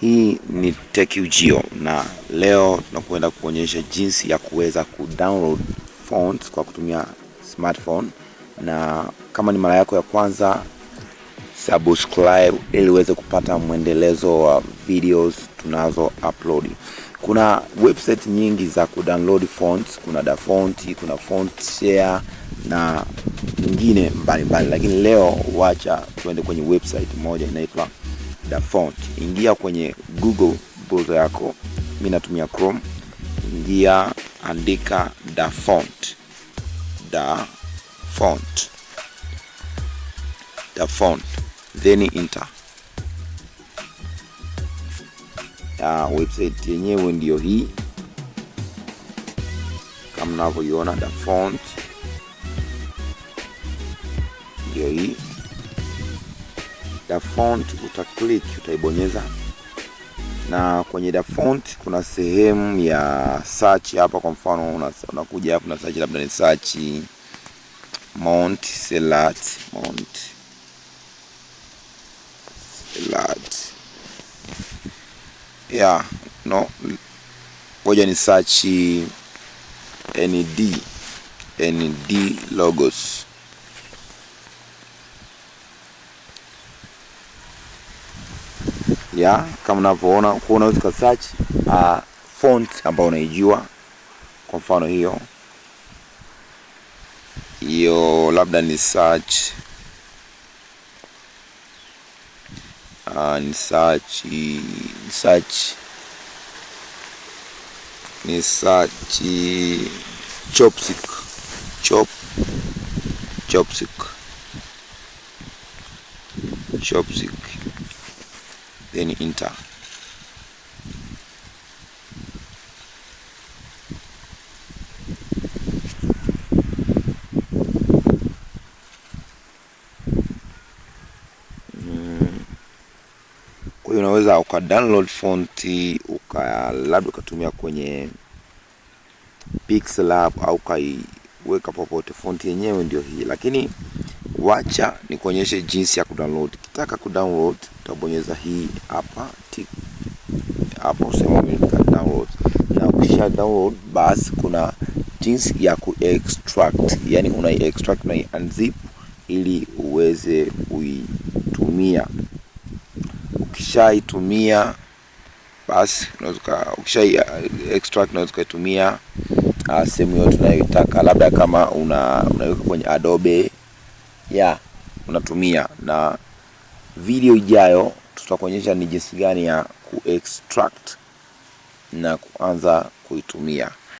Hii ni TechUjio na leo tunakwenda kuonyesha jinsi ya kuweza kudownload fonts kwa kutumia smartphone, na kama ni mara yako ya kwanza subscribe, ili uweze kupata mwendelezo wa videos tunazo upload. Kuna website nyingi za kudownload fonts, kuna DaFont, kuna FontShare na nyingine mbalimbali, lakini leo wacha tuende kwenye website moja inaitwa Dafont. Ingia kwenye Google browser yako, mi natumia Chrome. Ingia andika Dafont, Dafont, Dafont, then enter. Ya website yenyewe ndiyo hii kama mnavyoiona, Dafont ndio hii da font uta click, utaibonyeza na kwenye da font kuna sehemu ya search hapa. Kwa mfano unakuja hapa na search, labda ni search mount Selat, mount Selat yeah, no, ngoja ni search nd nd logos ya kama unavyoona kwa, unaweza ka search uh, font ambayo unaijua, kwa mfano hiyo hiyo, labda ni search uh, ni search ni search ni search chopstick chop chopstick chopstick then enter. Mm. Kwa hiyo unaweza uka download font uka labda ukatumia kwenye Pixel app au ukaiweka popote. Font yenyewe ndio hii, lakini wacha nikuonyeshe jinsi ya kudownload. Kitaka kudownload utabonyeza hii hapa tick hapo sema download, na ukisha download basi kuna jinsi ya ku extract, yani una extract na unzip ili uweze kuitumia. Ukishaitumia basi unaweza ukisha extract unaweza ukaitumia uh, sehemu yote unayotaka, labda kama una unaweka kwenye Adobe ya yeah, unatumia na Video ijayo tutakuonyesha ni jinsi gani ya kuextract na kuanza kuitumia.